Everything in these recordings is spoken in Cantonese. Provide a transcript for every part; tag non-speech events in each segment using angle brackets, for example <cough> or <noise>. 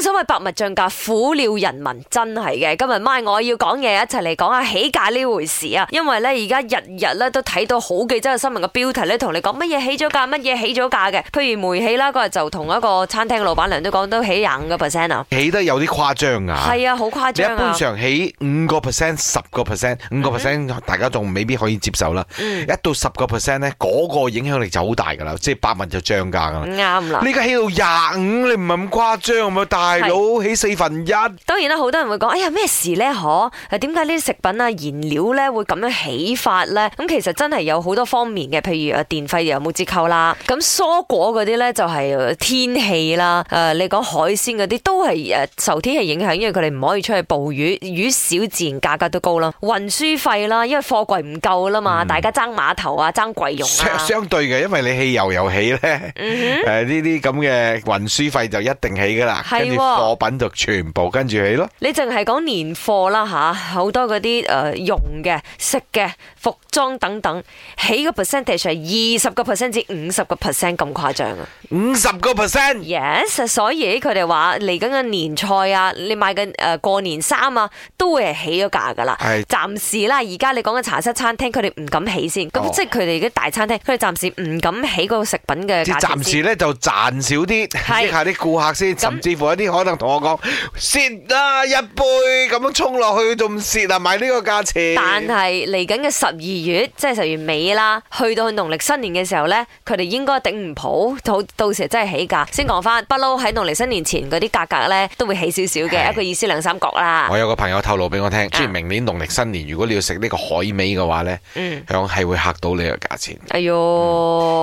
所謂百物漲價苦了人民，真係嘅。今日咪我要講嘢，一齊嚟講下起價呢回事啊！因為咧而家日日咧都睇到好幾張新聞嘅標題咧同你講乜嘢起咗價，乜嘢起咗價嘅。譬如煤氣啦，嗰日就同一個餐廳嘅老闆娘都講都起廿五個 percent 啊，起得有啲誇張啊。係啊，好誇張。一般上起五個 percent、十個 percent、五個 percent，大家仲未必可以接受啦、嗯。一到十個 percent 咧，嗰個影響力就好大噶啦，即係百物就漲價噶啦。啱、嗯、啦。呢家起到廿五，你唔係咁誇張大佬起四分一，當然啦，好多人會講，「哎呀咩事呢？嗬，點解呢啲食品啊、燃料呢會咁樣起發呢？」咁其實真係有好多方面嘅，譬如誒電費又冇折扣啦，咁蔬果嗰啲呢就係天氣啦，誒你講海鮮嗰啲都係誒受天氣影響，因為佢哋唔可以出去捕魚，魚少自然價格都高啦，運輸費啦，因為貨櫃唔夠啦嘛、嗯，大家爭碼頭啊，爭櫃用啊，相對嘅，因為你汽油又起呢，誒呢啲咁嘅運輸費就一定起噶啦。貨品就全部跟住起咯。你淨係講年貨啦吓，好多嗰啲誒用嘅、食嘅、服裝等等，起個 percentage 係二十個 percent 至五十個 percent 咁誇張啊！五十個 percent，yes。Yes, 所以佢哋話嚟緊嘅年菜啊，你買緊誒、呃、過年衫啊，都會係起咗價噶啦。係暫時啦，而家你講嘅茶室餐廳，佢哋唔敢起先。咁即係佢哋啲大餐廳，佢哋暫時唔敢起個食品嘅。暫時咧就賺少啲，激 <laughs> 下啲顧客先、嗯，甚至乎一啲。可能同我講蝕啊，一杯咁樣沖落去仲蝕啊！買呢個價錢，但係嚟緊嘅十二月，即係十二月尾啦，去到農曆新年嘅時候呢，佢哋應該頂唔到，到到時真係起價。先講返，不嬲喺農曆新年前嗰啲價格呢，都會起少少嘅，一個意思兩三角啦。我有個朋友透露俾我聽，即係明年農曆新年，如果你要食呢個海味嘅話呢，嗯、啊、係會嚇到你嘅價錢。哎喲、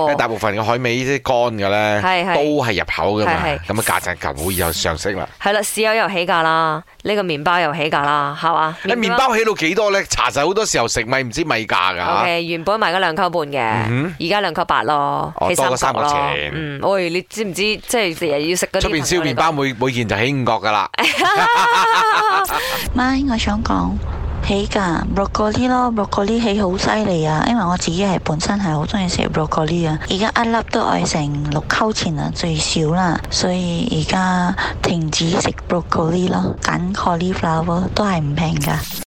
嗯，大部分嘅海味啲乾嘅呢，都係入口嘅嘛，咁嘅價錢咁會，會以後上。係啦，豉油又起價啦，呢、這個麵包又起價啦，係嘛？你麵包，包起到幾多咧？查實好多時候食米唔知米價噶。Okay, 原本賣咗兩扣半嘅，而家兩扣八咯，多咗三角錢。嗯，喂，你知唔知道即係成日要食嗰啲？出邊燒麵燒麵包每每件就起五角噶啦。媽，我想講。起噶，broccoli 咯，broccoli 起好犀利啊！因為我自己係本身係好鍾意食 broccoli 啊，而家一粒都愛成六溝錢啊，最少啦，所以而家停止食 broccoli 咯，揀 cauliflower 都係唔平噶。